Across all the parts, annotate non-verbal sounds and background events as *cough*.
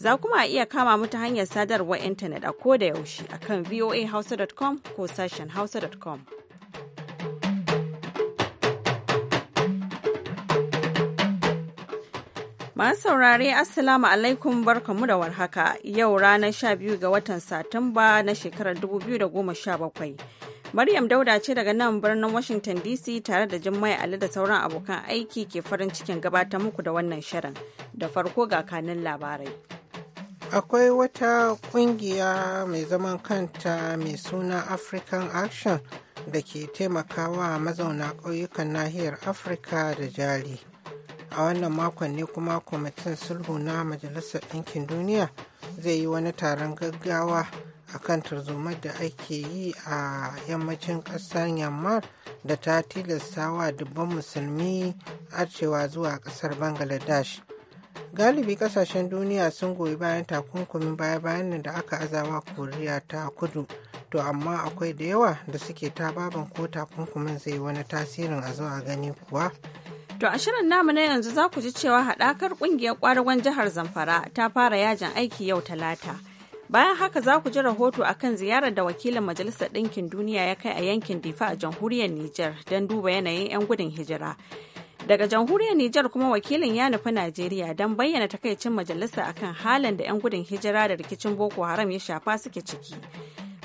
Za kuma a iya kama mu ta hanyar sadarwar intanet a ko da yaushe a akan voahausa.com ko sashen hausa.com. Masu saurare Assalamu alaikum mu da warhaka yau ranar biyu ga watan Satumba na shekarar 2017. Maryam Dauda ce daga nan birnin Washington DC tare da Jummai Ali da sauran abokan aiki ke farin cikin gabatar muku da wannan shirin. Da farko ga kanin labarai. akwai wata kungiya mai zaman kanta mai suna african action da ke taimakawa mazauna ƙauyukan nahiyar afirka da jari a wannan makon ne kuma kwamitin sulhu na majalisar ɗinkin duniya zai yi wani taron gaggawa a kan tarzoma da ake yi a yammacin ƙasar yammar da ta tilasta wa dubban musulmi arcewa zuwa ƙasar bangladesh galibi kasashen duniya sun goyi bayan takunkumin baya-bayan nan da aka azawa koriya ta kudu to amma akwai da yawa da suke ta baban ko takunkumin zai wani tasirin a zuwa gani kuwa To a shirin namu na yanzu za ku ji cewa haɗakar ƙungiyar ƙwaragon jihar Zamfara ta fara yajin aiki yau Talata. Bayan haka za ku ji rahoto a kan ziyarar da wakilin Majalisar Ɗinkin Duniya ya kai a yankin Difa a jamhuriyar Niger don duba yanayin 'yan gudun hijira. daga jamhuriyar Nijar kuma wakilin ya nufi Najeriya don bayyana takaicin majalisa a kan halin da 'yan gudun hijira da rikicin Boko Haram ya shafa suke ciki.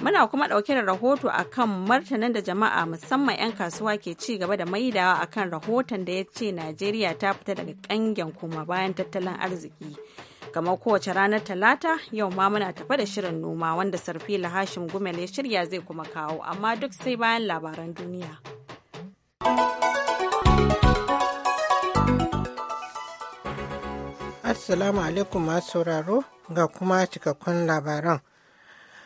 Muna kuma ɗauke da rahoto a kan martanin da jama'a musamman 'yan kasuwa ke ci gaba da maidawa a kan rahoton da ya ce Najeriya ta fita daga ƙangen kuma bayan tattalin arziki. Kamar kowace ranar Talata yau ma muna tafa da shirin noma wanda Sarfila Hashim Gumel ya shirya zai kuma kawo amma duk sai bayan labaran duniya. Assalamu alaikum masu sauraro ga kuma cikakkun labaran.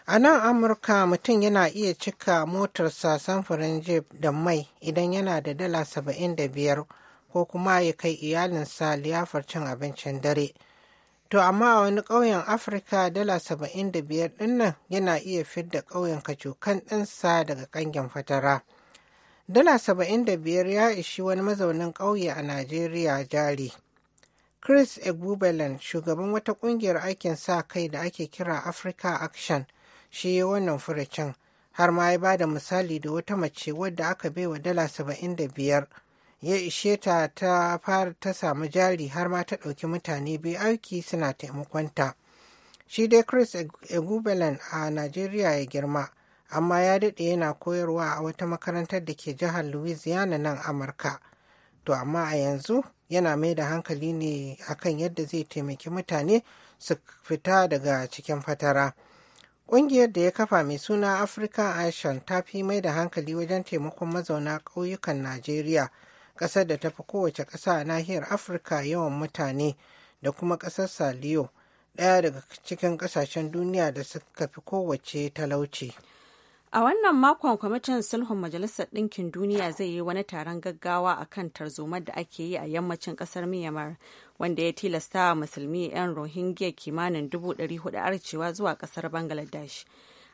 A nan Amurka mutum yana iya cika motarsa samfurin jeb da mai idan yana da dala saba'in da biyar ko kuma ya kai iyalinsa liyafar cin abincin dare. To amma a wani ƙauyen Afirka dala saba'in da biyar ɗinnan yana iya fidda ƙauyen kacokan ɗinsa daga ƙangin fatara. Dala saba'in da biyar ya ishi wani mazaunin ƙauye a Najeriya jari. Chris egubelen shugaban wata kungiyar aikin sa kai da ake kira Africa Action, shi yi wannan furucin har ma ya ba da misali da wata mace wadda aka baiwa dala saba'in da biyar. Ya ishe ta ta fara ta samu jari har ma ta ɗauki mutane biyu aiki suna taimakonta. Shi dai Chris egubelen a Najeriya ya girma, amma ya daɗe yana koyarwa a wata makarantar da ke jihar Louisiana nan Amurka. To amma a yanzu yana mai da hankali ne akan yadda zai taimaki mutane su fita daga cikin fatara. Ƙungiyar da ya kafa mai suna Africa Action ta fi mai da hankali wajen taimakon mazauna ƙauyukan Najeriya, ƙasar da ta fi kowace ƙasa a nahiyar Afirka yawan mutane da kuma ƙasar Saliyo, ɗaya daga cikin ƙasashen duniya da suka fi kowace talauci. A wannan makon kwamitin sulhun Majalisar Ɗinkin Duniya zai yi wani taron gaggawa a kan tarzomar da ake yi a yammacin ƙasar Myanmar wanda ya tilasta wa musulmi 'yan Rohingya kimanin dubu hudu arcewa zuwa ƙasar Bangladesh.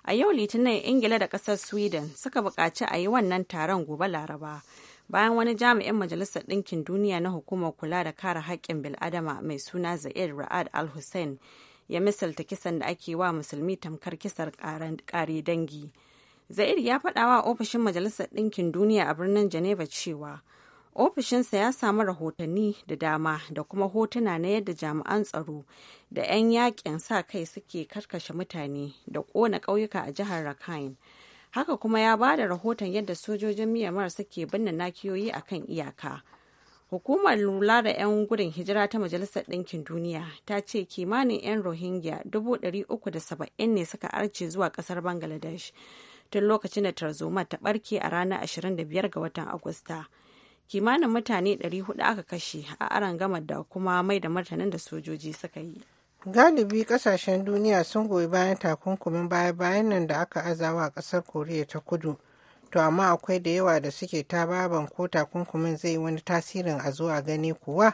A yau Litinin Ingila da ƙasar Sweden suka buƙaci a yi wannan taron gobe Laraba. Bayan wani jami'in Majalisar Ɗinkin Duniya na Hukumar Kula da Kare Haƙƙin Bil'adama mai suna Za'id Ra'ad Al-Hussein ya misalta kisan da ake wa musulmi tamkar kisar ƙare dangi. zairi ya faɗa wa ofishin Majalisar Ɗinkin Duniya a birnin Geneva cewa ofishinsa ya samu rahotanni da dama da kuma hotuna na yadda jami'an tsaro da 'yan yakin sa kai suke karkashe mutane da ƙona ƙauyuka a jihar Rakhine. Haka kuma ya ba da rahoton yadda sojojin Myanmar suke binne nakiyoyi a kan iyaka. Hukumar lula da 'yan gudun hijira ta Majalisar Ɗinkin Duniya ta ce kimanin 'yan Rohingya 370 ne suka arce zuwa ƙasar Bangladesh. tun lokacin da tarzoma ta barke a ranar 25 ga watan Agusta. Kimanin mutane 400 aka kashe a gama da kuma mai da martanin da sojoji suka yi. Galibi kasashen duniya sun goyi bayan takunkumin baya-bayan nan da aka azawa a kasar Koriya ta kudu. To amma akwai da yawa da suke ta baban ko takunkumin zai wani tasirin a zuwa gani kuwa.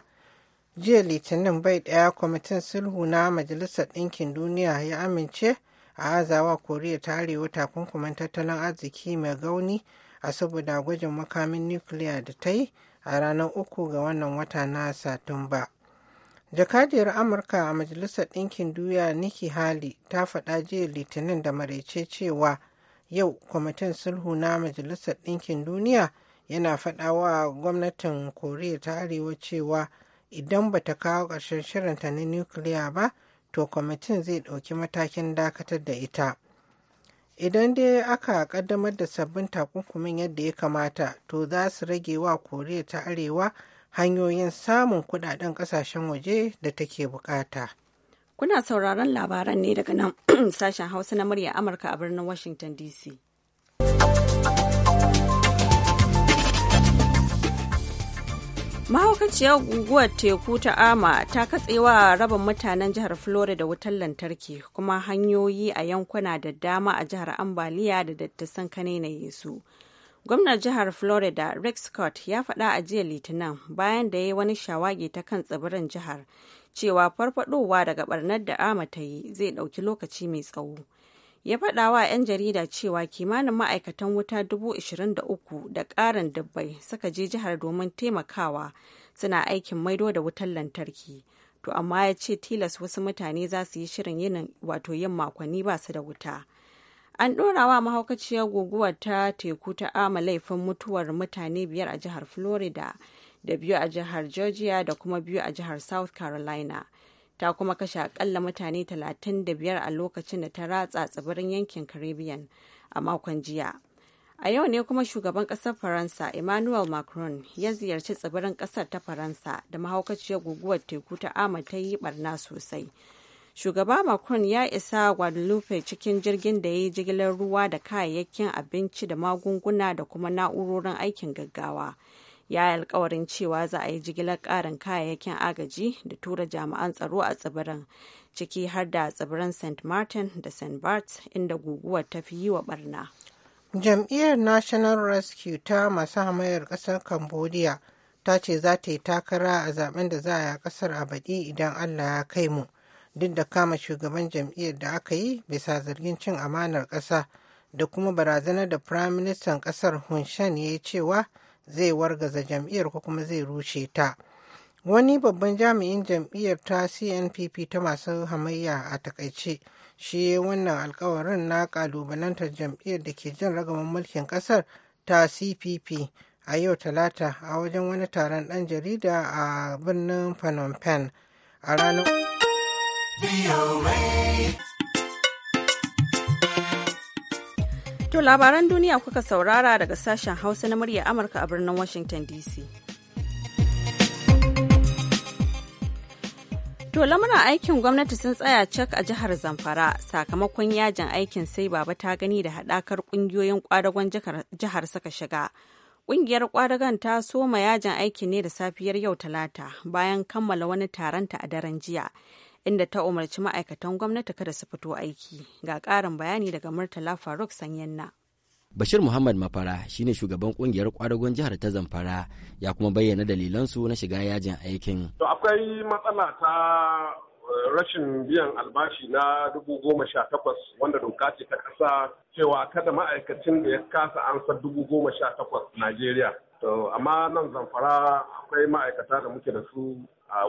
Jiya Litinin bai ɗaya kwamitin sulhu na Majalisar Ɗinkin Duniya ya amince a azawa koriya ta arewa takunkumin tattalin arziki mai gauni a saboda gwajin makamin nukiliya da ta yi a ranar uku ga wannan wata na satumba jakadiyar amurka a majalisar ɗinkin duniya nikki hali ta faɗa jiya litinin da maraice cewa yau kwamitin sulhu na majalisar ɗinkin duniya yana faɗa wa gwamnatin koriya ta arewa cewa idan bata kawo ƙarshen shirinta na nukiliya ba to kwamitin zai ɗauki matakin dakatar da ita idan dai aka ƙaddamar da sabbin takunkumin yadda ya kamata to za su rage wa koriya ta arewa hanyoyin samun kudaden ƙasashen waje da take bukata kuna sauraron labaran ne daga nan *clears throat* sashen hausa na murya amurka a birnin washington dc mahaukaciyar guguwar teku ta ama ta katsewa rabin mutanen jihar florida wutar lantarki kuma hanyoyi a yankuna da dama a jihar ambaliya da dattasan na su gwamnan jihar florida Rick scott ya faɗa a jiya litinin bayan da ya yi wani shawagi ta kan tsibirin jihar cewa farfadowa daga barnar da ama ta yi zai ɗauki lokaci mai tsawo ya faɗa wa 'yan jarida cewa kimanin ma'aikatan wuta 23,000 da ƙarin dubbai suka je jihar domin taimakawa suna aikin maido da wutar lantarki to amma ya ce tilas wasu mutane za su yi shirin yin wato yin makonni ba su da wuta an ɗora wa mahaukaciyar guguwar ta teku ta ama laifin mutuwar mutane biyar a jihar florida da biyu a jihar georgia da kuma biyu a jihar south carolina ta kuma kashe akalla mutane 35 a lokacin da ta ratsa tsibirin yankin caribbean a makon jiya a yau ne kuma shugaban kasar faransa emmanuel macron ya ziyarci tsibirin kasar ta faransa da mahaukaciyar guguwar teku ta ama ta yi barna sosai shugaba macron ya isa guadalupe cikin jirgin da ya yi jigilar ruwa da kayayyakin abinci da magunguna da kuma na'urorin aikin gaggawa. ya yi alkawarin cewa za a yi jigilar karin kayayyakin agaji da tura jami'an tsaro a tsibirin ciki har da tsibirin st martin da st bart inda guguwar ta fi yi wa barna jam'iyyar national rescue ta masu hamayar kasar cambodia ta ce za ta yi takara a zaben da za a yi a kasar a baɗi idan allah ya kai mu duk da kama shugaban jam'iyyar da aka yi bisa zargin cin amanar ƙasa da kuma barazanar da firaministan ƙasar hun ya yi cewa zai wargaza jam'iyyar ko kuma zai rushe ta wani babban jami'in jam'iyyar ta cnpp ta masu hamayya a takaice shi wannan alkawarin na kalubalantar jam'iyyar da ke jin ragaman mulkin kasar ta cpp a yau talata a wajen wani taron dan jarida a birnin phnom penh a ranar To labaran duniya kuka saurara daga sashen Hausa na murya Amurka a birnin Washington DC. To lamuran aikin gwamnati sun tsaya cak a jihar Zamfara sakamakon yajin aikin sai baba ta gani da haɗakar ƙungiyoyin ƙwadagon jihar suka shiga. Ƙungiyar ƙwadagon ta soma yajin aikin ne da safiyar yau talata bayan kammala wani taronta a daren jiya. inda ta umarci ma'aikatan gwamnati kada su fito aiki ga ƙarin bayani daga murtala faruk sanyanna bashir muhammad mafara shine shugaban kungiyar kwadagon jihar ta zamfara ya kuma bayyana dalilansu na shiga yajin aikin to akwai matsala ta eh, rashin biyan albashi na dubu goma sha takwas wanda doka ce ta ƙasa cewa kada ma'aikacin da ya kasa ansar dubu goma sha takwas najeriya to amma nan zamfara akwai ma'aikata da muke da su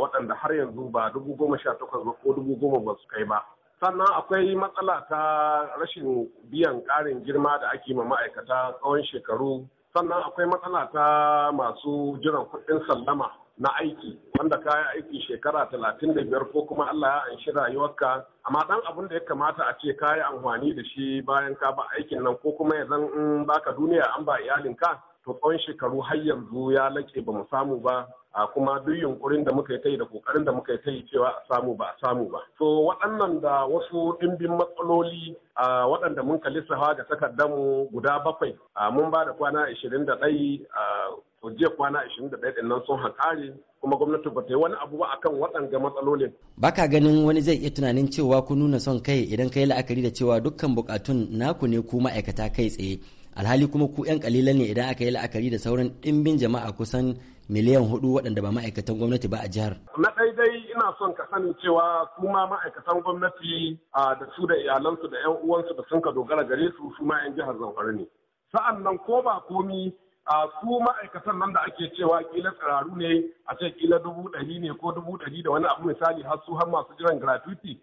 waɗanda har yanzu ba dubu goma sha takwas ba ko dubu goma ba su kai ba sannan akwai matsala ta rashin biyan ƙarin girma da ake ma ma'aikata tsawon shekaru sannan akwai matsala ta masu jiran kuɗin sallama na aiki wanda ka yi aiki shekara talatin da biyar ko kuma Allah ya anshi rayuwarka amma dan abin da ya kamata a ce ka yi amfani da shi bayan ka ba aikin nan ko kuma ya zan in baka duniya an ba ka. to tsawon shekaru har yanzu ya laƙe ba mu samu ba a kuma duk yunkurin da muka yi ta da kokarin da muka yi cewa a samu ba a samu ba to waɗannan da wasu ɗimbin matsaloli a waɗanda mun kalisa hawa ga takardarmu guda bakwai a mun ba da kwana ashirin da ɗai jiya kwana 21 din nan sun haƙari kuma gwamnati ba ta yi wani abu ba akan waɗanga matsalolin. Baka ganin wani zai iya tunanin cewa ku nuna son kai idan ka yi la'akari da cewa dukkan bukatun naku ne ku ma'aikata kai tsaye. Alhali kuma ku 'yan kalilan ne idan aka yi la'akari da sauran ɗimbin jama'a kusan miliyan hudu waɗanda ba ma'aikatan gwamnati ba a jihar. Na daidai ina son ka sani cewa su ma ma'aikatan gwamnati da su da iyalansu da 'yan uwansu da sun ka dogara gare su su ma 'yan jihar Zamfara ne. Sa'an nan ko ba komi a su ma'aikatan nan da ake cewa kila tsiraru ne a ce kila dubu ɗari ne ko dubu ɗari da wani abu misali har su har masu jiran gratuity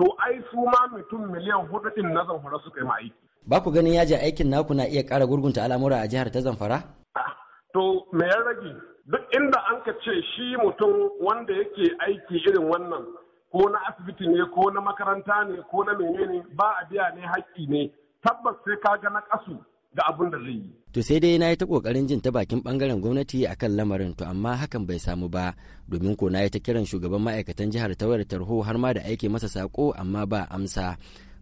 to ai su ma mutum miliyan hudu ɗin na zamfara suka yi ma aiki. Ba ku ganin yaji aikin naku na iya ƙara gurgunta al'amura a jihar ta zamfara? Ah, to me ya rage duk inda an ka ce shi mutum wanda yake aiki irin wannan ko na asibiti ne ko na makaranta ne ko na menene ba a biya ne haƙƙi ne tabbas sai ka ga na ƙasu da abin da zai yi. To sai dai na yi ta ƙoƙarin jin ta bakin ɓangaren gwamnati a kan lamarin to amma hakan bai samu ba domin ko na yi ta kiran shugaban ma'aikatan jihar ta tarho har ma da aiki masa sako amma ba amsa.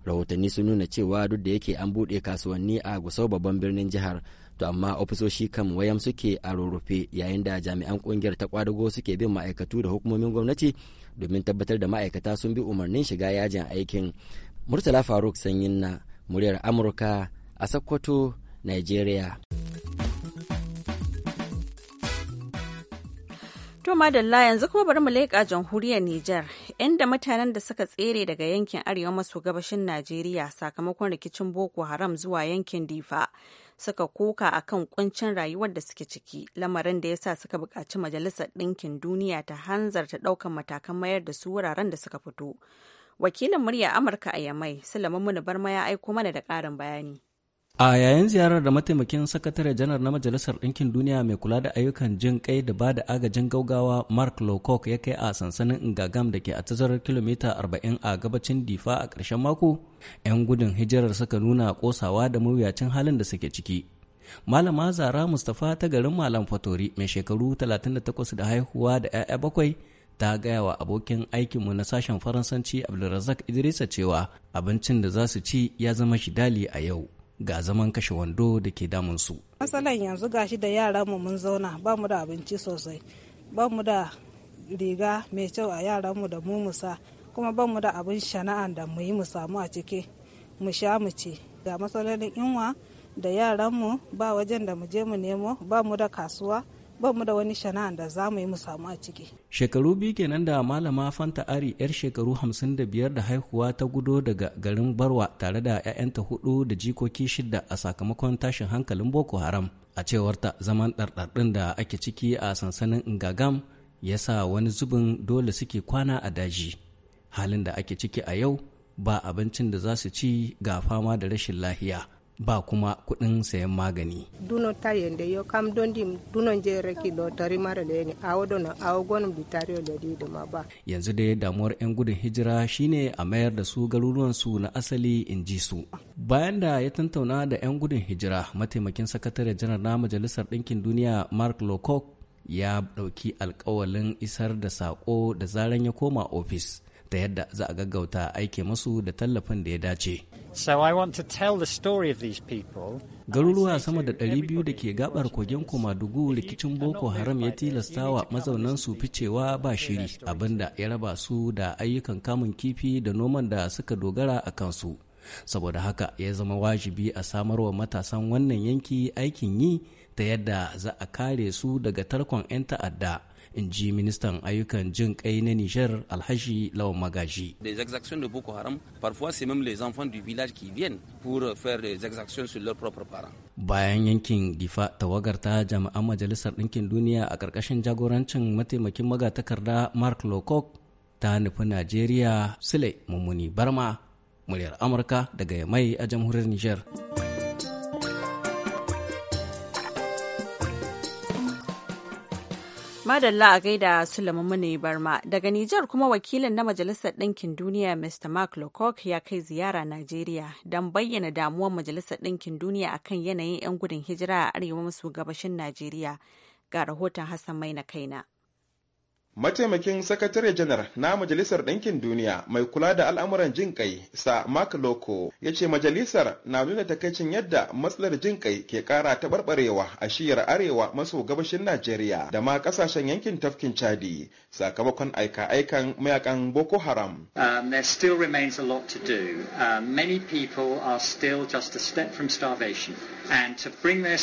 Rahotanni sun nuna cewa duk da yake an buɗe kasuwanni a Gusau babban birnin jihar to amma ofisoshi kan wayan suke a rurrufe yayin da jami'an kungiyar ta kwadago suke bin ma'aikatu da hukumomin gwamnati domin tabbatar da ma'aikata sun bi umarnin shiga yajin aikin murtala faruk sanyin na muryar amurka a sokoto nigeria To madalla yanzu kuma bari mu leƙa jamhuriyar Nijar inda mutanen da suka tsere daga yankin arewa maso gabashin Najeriya sakamakon rikicin Boko Haram zuwa yankin Difa suka koka a kan kuncin rayuwar da suke ciki lamarin da ya sa suka buƙaci majalisar ɗinkin duniya ta hanzarta ɗaukar matakan mayar da su wuraren da suka fito wakilin murya amurka a yamai sulaiman barma ya aiko mana da ƙarin bayani a yayin ziyarar da mataimakin sakatare janar na majalisar ɗinkin duniya mai kula da ayyukan jin kai da ba da agajin gaugawa mark lowcock ya kai a sansanin ingagam da ke a tazarar kilomita 40 a gabacin difa a ƙarshen mako 'yan gudun hijirar suka nuna kosawa da mawuyacin halin da suke ciki malama zara mustapha ta garin malam fatori mai shekaru 38 da haihuwa da 'ya'ya bakwai ta gaya wa abokin aikinmu na sashen faransanci abdulrazak idrisa cewa abincin da za su ci ya zama shidali a yau ga zaman kashe wando da ke damun su. Matsalan yanzu gashi da yaran mu mun zauna ba mu da abinci sosai, ba mu da riga mai kyau a yaran mu da mu musa, kuma ba mu da abin shana'an da mu yi mu samu a ciki, mu sha mu ci. Ga matsalolin inwa da yaran mu ba wajen da mu je mu nemo, ba mu da kasuwa. ba mu da wani shana'an da za mu yi mu samu a ciki. Shekaru biyu kenan da malama Fanta Ari yar shekaru hamsin da biyar da haihuwa ta gudo daga garin Barwa tare da 'ya'yanta hudu da jikoki shida a sakamakon tashin hankalin Boko Haram. A cewar ta zaman ɗarɗarɗin da ake ciki a sansanin Ngagam ya sa wani zubin dole suke kwana a daji. Halin da ake ciki a yau ba abincin da za su ci ga fama da rashin lahiya. ba kuma kuɗin sayan magani. Duno ta yende yo kam dim duno jere ki do tari mara da yani awo dono awo gonum di tari da di da ma ba. Yanzu dai damuwar 'yan gudun hijira shine a mayar da su garuruwan su na asali in ji su. Bayan da ya tantauna da 'yan gudun hijira mataimakin sakatare janar na majalisar ɗinkin duniya Mark Lokok ya ɗauki alkawalin isar da sako da zaran ya koma ofis. ta yadda za a gaggauta aike musu da tallafin da ya dace. So I want to tell the story of these garuruwa sama da 200 da ke gabar kogin komadugu rikicin boko haram ya tilasta wa mazaunan su ficewa ba shiri abinda ya raba su da ayyukan kamun kifi da noman da suka dogara a kansu saboda haka ya zama wajibi a samarwa matasan wannan yanki aikin yi ta yadda za a kare su daga tarkon 'yan ta'adda in ji ministan ayyukan jin kai na Nijar Alhashi Lawan Magaji. Des exactions de Boko Haram, parfois c'est même les enfants du village qui viennent pour faire des exactions sur leurs propres parents. Bayan yankin Difa tawagar ta jami'an Majalisar Ɗinkin Duniya a ƙarƙashin jagorancin mataimakin magatakarda Mark Lowcock ta nufi Najeriya Sule Mummuni Barma, muryar Amurka daga Yamai a jamhuriyar Nijar. Madalla a gaida Sulaiman Mune Barma daga Nijar kuma wakilin na Majalisar Ɗinkin Duniya Mr. Mark Lokok ya kai ziyara Najeriya don bayyana damuwar Majalisar Ɗinkin Duniya a kan yanayin 'yan gudun hijira a arewa maso gabashin Najeriya ga rahoton Hassan Maina kaina. Mataimakin Sakatare Janar na Majalisar Ɗinkin Duniya mai kula da al'amuran jin kai sa Mark Loko ya ce majalisar na nuna takaicin yadda matsalar jin kai ke ƙara taɓarɓarewa a shiyar arewa maso gabashin Najeriya da ma ƙasashen yankin tafkin Chadi sakamakon aika-aikan mayakan Boko Haram. Um, there still remains a lot to do. Um, many people are still just a step from starvation. and to bring world.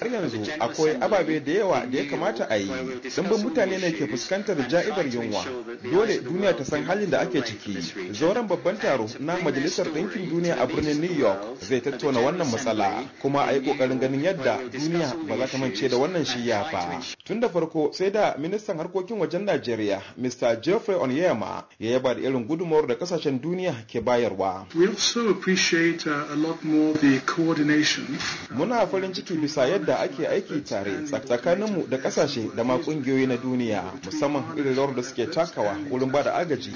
Har yanzu akwai ababe da yawa da ya kamata a yi. Dambin mutane ne ke fuskantar ja'idar yunwa. Dole duniya ta san halin da ake ciki. Zauren babban taro na Majalisar Ɗinkin Duniya a birnin New York zai tattauna wannan matsala kuma a yi ƙoƙarin ganin yadda duniya ba za ta mance da wannan shiya ba. Tun da farko sai da ministan harkokin wajen Najeriya Mr. jeffrey Onyema ya yaba da irin gudunmawar da kasashen duniya ke bayarwa. We also appreciate uh, a the Muna farin ciki bisa yadda ake aiki tare tsakaninmu da kasashe da ma kungiyoyi na duniya musamman irin rawar da suke takawa wurin bada agaji.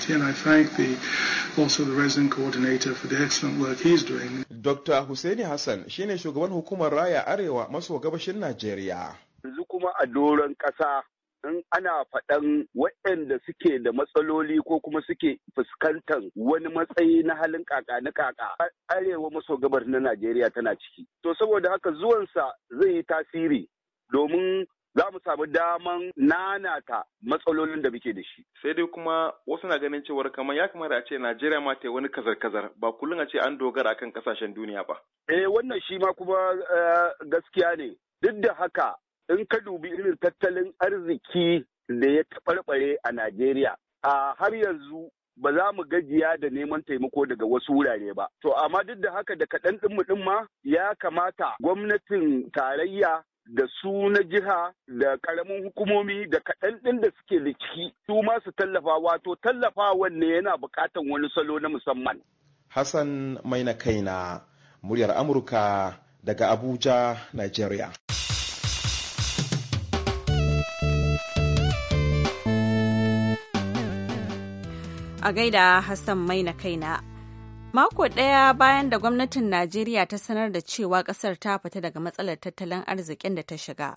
Dr. Hussaini Hassan shine shugaban hukumar Raya Arewa maso gabashin Najeriya. Yanzu kuma a doron ƙasa in ana faɗan waɗanda suke da matsaloli ko kuma suke fuskantar wani matsayi na halin kaka na kaka arewa maso gabar na Najeriya tana ciki. To saboda haka zuwansa zai yi tasiri domin za mu samu daman nanata matsalolin da muke da shi. Sai dai kuma wasu na ganin cewar kamar ya kamata a ce Najeriya ma ta wani kazar-kazar ba kullum a ce an dogara akan kasashen duniya ba. Eh wannan shi ma kuma eh, gaskiya ne. Duk da haka in ka dubi irin tattalin arziki da ya taɓarɓare a Najeriya, a har yanzu ba za mu gajiya da neman taimako daga wasu wurare ba. To amma duk da haka da kaɗan ɗinmu ɗin ma ya kamata gwamnatin tarayya da su na jiha da ƙaramin hukumomi da kaɗan ɗin da suke da ciki su ma su tallafa wato tallafa wanne yana buƙatan wani salo na musamman. Hassan Maina Kaina, muryar Amurka daga Abuja, Nigeria. a gaida Hassan mai Maina kaina. Mako ɗaya bayan da gwamnatin Najeriya ta sanar da cewa ƙasar ta fita daga matsalar tattalin arzikin da ta shiga,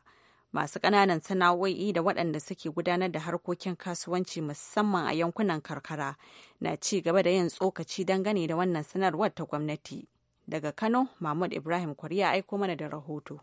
masu ƙananan sana'o'i da waɗanda suke gudanar da harkokin kasuwanci musamman a yankunan karkara na ci gaba da yin tsokaci dangane da wannan sanarwar ta gwamnati. Daga Kano, Mahmud Ibrahim ya aiko mana da rahoto.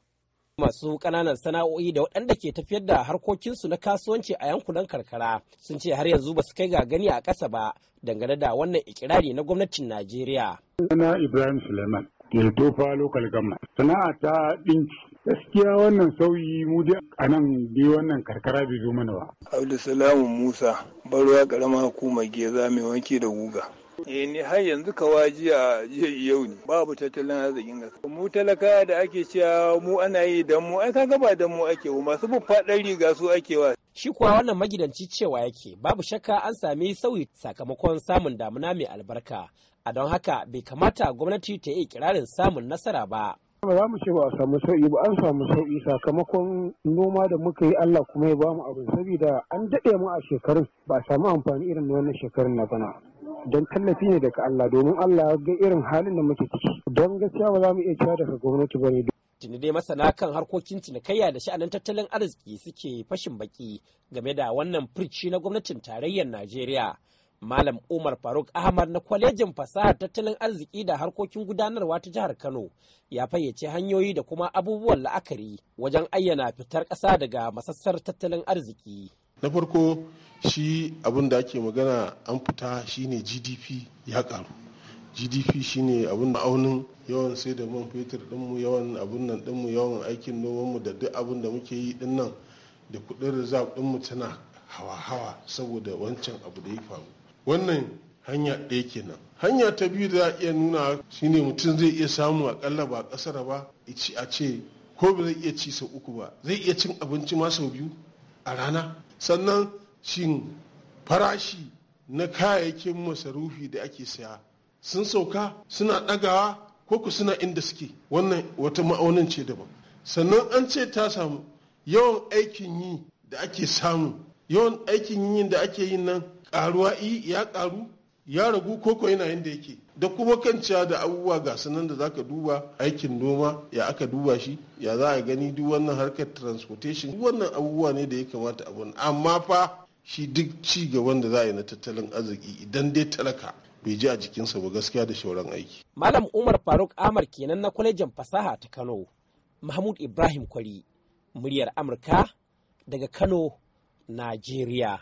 masu ƙananan sana'o'i da waɗanda ke tafiyar da harkokinsu na kasuwanci a yankunan karkara sun ce har yanzu ba su kai ga gani a ƙasa ba dangane da wannan ikirari na gwamnatin najeriya Sana Ibrahim Suleiman, Geltofa Local Gamma. Sana'a ta ɗinki. Gaskiya wannan sauyi mu dai a nan dai wannan karkara bai zo mana ba. Abdulsalamu Musa, barwa karama hukumar Geza mai wanke da guga. eh ni har yanzu kawajiya jiya yau ne babu tattalin arzikin ƙasa mu talaka da ake cewa mu ana yi dan mu ai kaga ba dan mu ake wa masu faɗan riga su ake wa shi kuwa wannan magidanci cewa yake babu shakka an sami sauyi sakamakon samun damuna mai albarka a don haka bai kamata gwamnati ta yi kirarin samun nasara ba ba za mu ce ba a samu sauƙi ba an samu sauƙi sakamakon noma da muka yi Allah kuma ya bamu abin saboda an daɗe mu a shekarun ba a samu amfani irin wannan shekarun na bana don tallafi ne daga Allah domin Allah ya ga irin halin da muke ciki don gaskiya ba za mu iya cewa daga gwamnati ba ne tuni dai masana kan harkokin cinikayya da sha'anin tattalin arziki suke fashin baki game da wannan firci na gwamnatin tarayyar Najeriya Malam Umar Faruk Ahmad na kwalejin fasahar tattalin arziki da harkokin gudanarwa ta jihar Kano ya fayyace hanyoyi da kuma abubuwan la'akari wajen ayyana fitar ƙasa daga masassar tattalin arziki. na farko shi abin da ake magana an fita shine gdp ya karu gdp shine abin da aunin yawan sai da man fetur dinmu yawan abin nan dinmu yawan aikin nomanmu da duk abin da muke yi din nan da kudin rizab dinmu tana hawa-hawa saboda wancan abu da ya faru wannan hanya ɗaya kenan hanya ta biyu da za a iya nuna shine mutum zai iya samu akalla ba ƙasar ba a ce ko ba zai iya ci sau uku ba zai iya cin abinci ma sau biyu a rana sannan shin farashi na kayayyakin masarufi da ake saya sun sauka suna ɗagawa ko ku suna inda suke wannan wata ma'aunin ce daban sannan an ce ta samu yawan aikin yi da ake samu yawan aikin yi da ake yin nan ƙaruwa ya ƙaru ya ragu koko yana yadda yake da kuma kan kanciya da abubuwa ga sanan da zaka duba aikin noma ya aka duba shi ya za a gani duk wannan harkar transportation wannan abubuwa ne da ya kamata abun amma fa shi duk ci gaban da za a yi na tattalin arziki idan dai talaka bai ji a jikinsa ba gaskiya da shauran aiki. Malam Umar Faruk Amar kenan na kwalejin fasaha ta Kano, Mahmud Ibrahim Kwari, muryar Amurka daga Kano, Najeriya.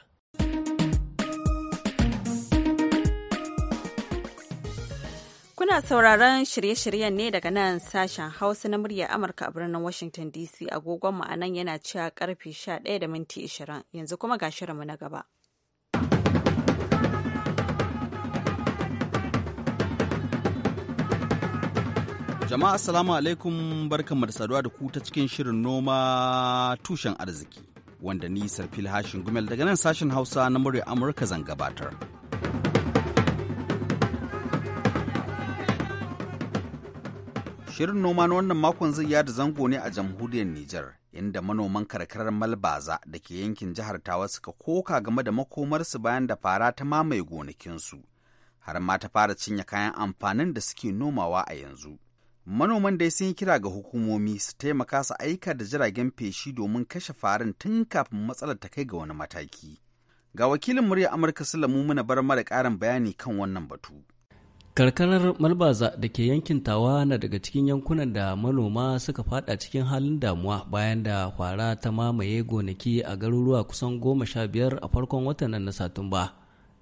Kuna sauraron shirye-shiryen ne daga nan sashen Hausa na muryar Amurka a birnin Washington DC agogon mu anan yana cewa karfe 11 da minti 20 yanzu kuma ga shirinmu na gaba. Jama'a assalamu alaikum barkanmu da saduwa da ku ta cikin shirin noma tushen arziki wanda ni Sarfil Hashin Gumel daga nan sashen Hausa na muryar Amurka zan gabatar. Shirin noma na wannan makon zai yada zango ne a jamhuriyar Nijar, inda manoman karkarar Malbaza da ke yankin jihar Tawa suka koka game da makomarsu bayan da fara ta mamaye gonakinsu, har ma ta fara cinye kayan amfanin da suke nomawa a yanzu. Manoman dai sun yi kira ga hukumomi su taimaka su aika da jiragen feshi domin kashe farin tun kafin matsalar ta kai ga wani mataki. Ga wakilin murya Amurka Sulamu muna bar mara ƙarin bayani kan wannan batu. Karkarar Malbaza da ke yankin Tawa na daga cikin yankunan da manoma suka fada cikin halin damuwa bayan da kwara ta mamaye gonaki a garuruwa kusan goma sha biyar a farkon watan nan na Satumba,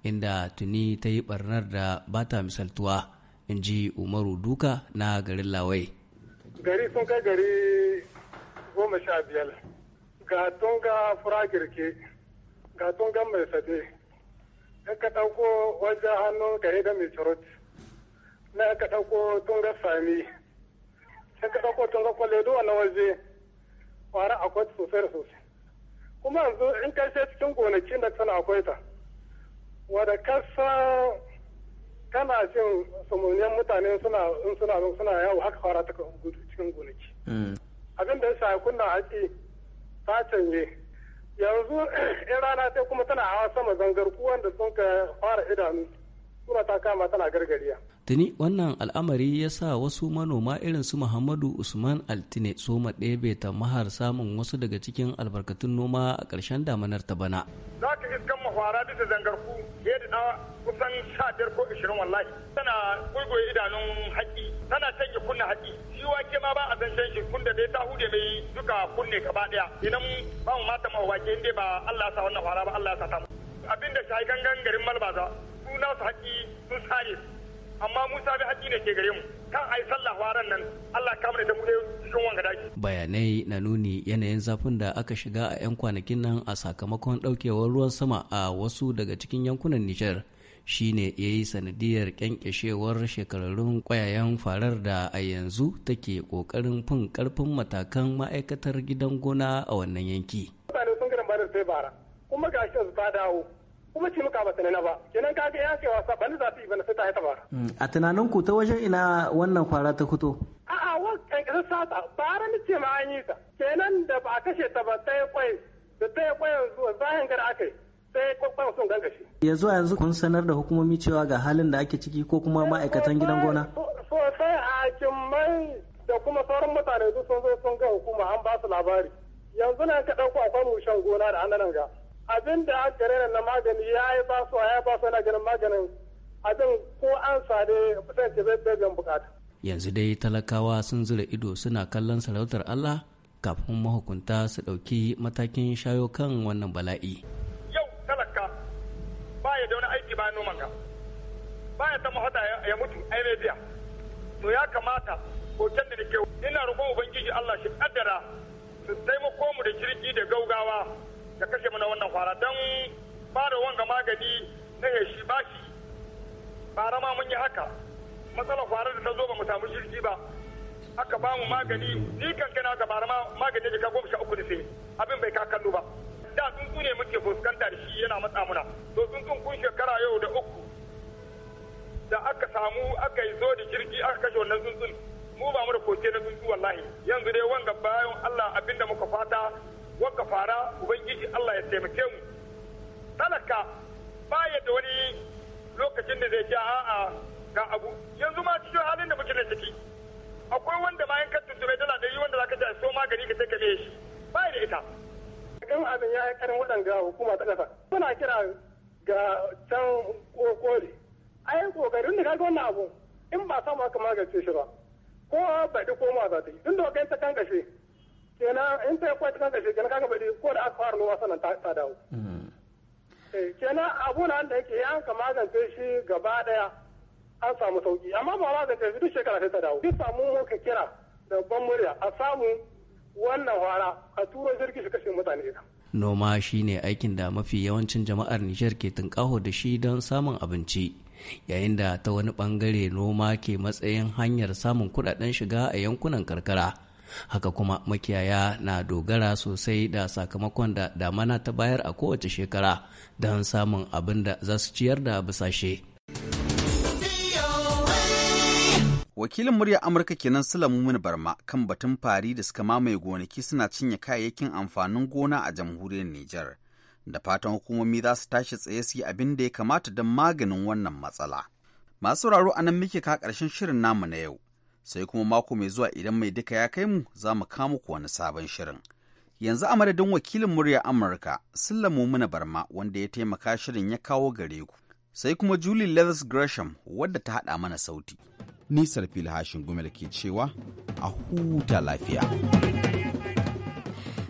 inda tuni ta yi barnar da ba ta misaltuwa, in ji Umaru Duka na garin Lawai. Gari sun kai gari goma sha biyar, ga tunga fura girke, ga tunga mai sade, ka ɗauko wajen hannun gare da mai na aka ɗauko tun ga sami sai ka ɗauko tun ga kwale duwa na waje ƙwara akwai sosai da sosai kuma yanzu in ka sai cikin gonaki da tana akwai ta wadda kasa kana jin samuniyan mutane suna in suna suna yawo haka fara ta gudu cikin gonaki mm. abin da ya shafi kunna haƙi ta canje yanzu in rana sai kuma tana hawa sama zangar kuwan da sun ka fara idanu tura ta kama tana gargariya. Tuni wannan al'amari ya sa wasu manoma irin su Muhammadu Usman Altine soma ɗebe ta mahar samun wasu daga cikin albarkatun noma a ƙarshen damanar ta bana. Za ka iskan mahwara bisa zangarku fiye da na kusan sha biyar ko ishirin wallahi. Tana gurgure idanun haƙi, tana canje kunna haƙi. Shi wake ma ba a zancen shi kun da dai ta hude mai duka kunne gaba ɗaya. Idan ba mu mata mahwake inda ba Allah ya sa wannan hwara ba Allah ya sa ta mu. Abin da shi gangan garin Malbaza su haƙi sun sare amma musa sami haƙi ne ke gare mu kan ai sallah waran nan Allah ka mana da mu cikin wanga daki bayanai na nuni yanayin zafin da aka shiga a yan kwanakin nan a sakamakon daukewar ruwan sama a wasu daga cikin yankunan Nijar shine ya yi sanadiyar kyankyashewar shekarun kwayayen farar da a yanzu take kokarin fin karfin matakan ma'aikatar gidan gona a wannan yanki. Mutane sun karin sai bara kuma ga shi ta dawo kuma ce muka ba tunana ba kenan ka ga ya ce wasa ban zafi ban sai ta yi ba. Mm. a tunanin ku ta wajen ina wannan kwara ta fito a'a wa kasar sata bara ni ce ma an yi ta kenan da ba a kashe ta ba ta yi kwai da ta yi kwai yanzu zahin gar aka yi sai kwakwan sun gangashi Yanzu a yanzu kun sanar da hukumomi cewa ga halin da ake ciki ko kuma ma'aikatan gidan gona sosai Kimmai da kuma sauran mutane su sun zo sun ga hukuma an ba su labari yanzu nan ka ɗauko akwai mushen gona da an ga abin da aka rena na magani ya yi ba su ya ba su yana ganin maganin abin ko an sade fitan ce zai biyan bukata. yanzu dai talakawa sun zura ido suna kallon sarautar allah kafin mahukunta su ɗauki matakin shayo kan wannan bala'i. yau talaka ba ya da wani aiki ba noman ka ba ya ta mahota ya mutu ai ne biya to ya kamata hoton da ke ina roƙon ubangiji allah shi kaddara su taimako mu da jirgi da gaugawa ya kashe mana wannan fara don ba da wanga magani na heshi ba shi ba rama mun yi haka matsalar kwarar da ta zo ba mu samu jirgi ba aka ba mu magani ni kankan aka bara magani da ka goma sha uku da sai abin bai ka kallo ba da tsuntsu ne muke fuskanta da shi yana matsa muna to tsuntsun kun shekara yau da uku da aka samu aka yi zo da jirgi aka kashe wannan tsuntsun mu ba mu da koke na tsuntsu wallahi yanzu dai wanga bayan taimake mu talaka baya da wani lokacin da zai ja a'a ga abu yanzu ma cikin halin da muke da ciki akwai wanda ma yankan tuntume dala yi wanda zaka ja so magani ka take me shi baya da ita kan abin ya yi karin waɗanga hukuma ta ƙasa muna kira ga can kokori ai kokarin da kaga wannan abu in ba samu aka magance shi ba ko baɗi ko ma za ta yi tun da wakan ta kan kashe kenan in ta kwai ta kashe kenan kaga bari ko da aka fara noma sanan ta dawo mm. eh, kenan abu na da yake ya ka magance shi gaba daya an samu sauki amma ba magance shi duk shekara sai ta dawo duk samu mun kira da ban murya a samu wannan wara a turo jirgi shi kashe mutane ita noma shine aikin da mafi yawancin jama'ar Nijar ke tunƙaho da shi don samun abinci yayin da ta wani bangare noma ke matsayin hanyar samun kudaden shiga a yankunan karkara haka kuma makiyaya na dogara sosai da sakamakon da damana ta bayar a kowace shekara don samun abin da za su ciyar da bisashe wakilin murya amurka kenan sulamumin barma kan batun fari da suka mamaye gonaki suna cinye kayayyakin amfanin gona a jamhuriyar niger da fatan hukumomi za su tashi tsaye su yi abin da ya kamata don maganin wannan matsala masu sauraro a nan muke ka karshen shirin namu na yau sai kuma mako mai zuwa idan mai duka ya kai mu za mu kawo ku wani sabon shirin. Yanzu a madadin wakilin murya Amurka, Silla Mumuna Barma wanda ya taimaka shirin ya kawo gare ku. Sai kuma Julie Leathers Gresham wadda ta haɗa mana sauti. Nisar filhashin gumel ke cewa a huta lafiya.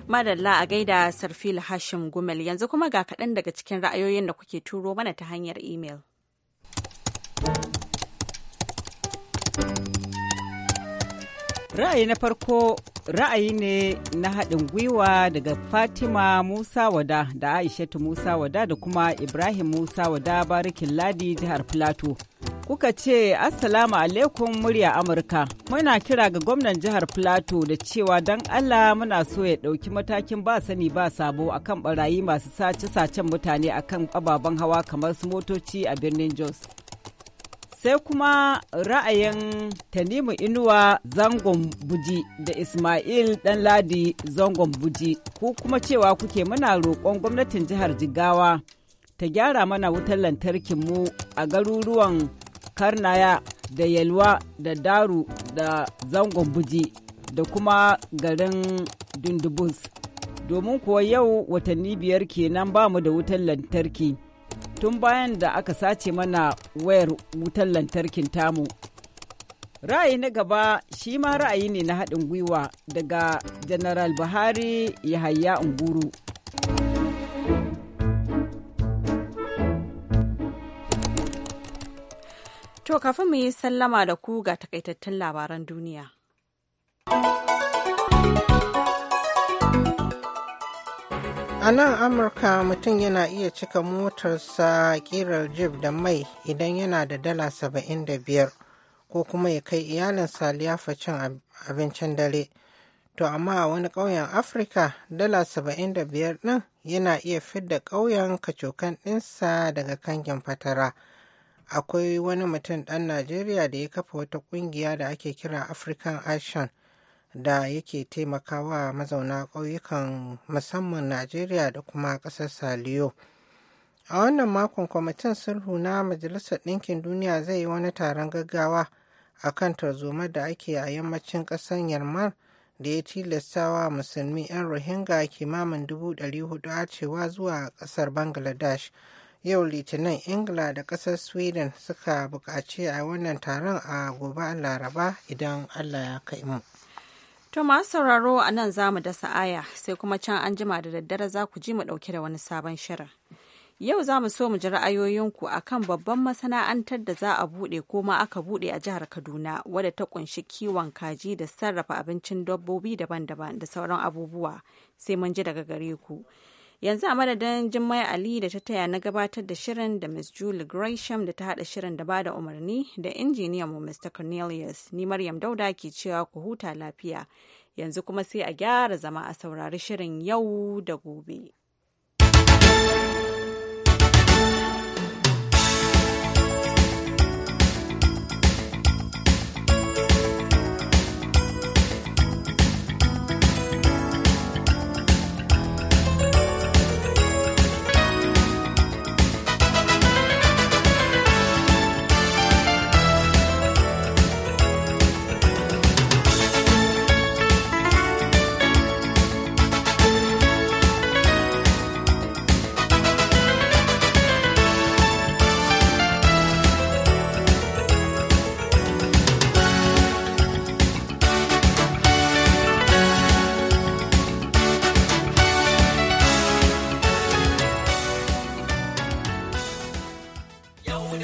Madalla a gaida Sarfil Hashim Gumel yanzu kuma ga kaɗan daga cikin ra'ayoyin da kuke turo mana ta hanyar imel. Ra'ayi na farko ra'ayi ne na haɗin gwiwa daga Fatima Musa Wada da Aishatu Musa Wada da kuma Ibrahim Musa Wada barikin Ladi jihar Filato. Kuka ce Assalamu alaikum murya Amurka. Muna kira ga gwamnan jihar Filato da cewa don Allah muna so ya ɗauki matakin ba sani ba sabo akan barayi masu sace-sacen mutane akan ababen hawa kamar su motoci a birnin Jos. sai kuma ra'ayin tanimu inuwa zangon buji da ismail danladi zangon buji ku kuma cewa kuke muna roƙon gwamnatin jihar jigawa ta gyara mana wutar lantarkinmu a garuruwan karnaya da yalwa da daru da zangon buji da kuma garin dundubus domin kuwa yau watanni biyar kenan bamu da wutar lantarki. tun bayan da aka sace mana wayar wutar lantarkin tamu. Ra'ayi na gaba shi ma ra'ayi ne na haɗin gwiwa daga General Buhari Yahaya Unguru. To kafin mu yi sallama da ku ga takaitattun labaran duniya. A nan Amurka mutum yana iya cika motarsa kirar jib da mai idan yana da dala saba'in da biyar ko kuma ya kai iyalinsa liyafa cin abincin dare. To amma a wani ƙauyen Afirka dala saba'in da biyar ɗin yana iya fidda ƙauyen kacokan ɗinsa daga kangin fatara. Akwai wani mutum ɗan Najeriya da ya kafa wata ƙungiya da ake kira African Action. da yake taimakawa mazauna ƙauyukan musamman Najeriya da kuma ƙasar Saliyo. A wannan makon kwamitin sulhu na Majalisar Ɗinkin Duniya zai yi wani taron gaggawa a kan tarzoma da ake a yammacin ƙasar Yarmar da ya tilastawa musulmi 'yan Rohingya kimamin dubu ɗari hudu a cewa zuwa ƙasar Bangladesh. Yau Litinin Ingila da ƙasar Sweden suka buƙaci a wannan taron a gobe Laraba idan Allah ya kai mu. To masu sauraro a nan za mu dasa aya sai kuma can an jima da daddare za ku ji mu ɗauke da wani sabon shirin. Yau za mu so mu ji ra'ayoyinku a kan babban masana'antar da za a buɗe ko ma aka buɗe a jihar Kaduna wadda ta ƙunshi kiwon kaji da sarrafa abincin dabbobi daban-daban da sauran abubuwa sai mun ji daga gare ku. yanzu a madadin jimmai ali da ta taya na gabatar da shirin da miss julie gresham da ta hada shirin da bada umarni da injiniyan mu mr cornelius ni maryam dauda ke cewa ku huta lafiya yanzu kuma sai a gyara zama a saurari shirin yau da gobe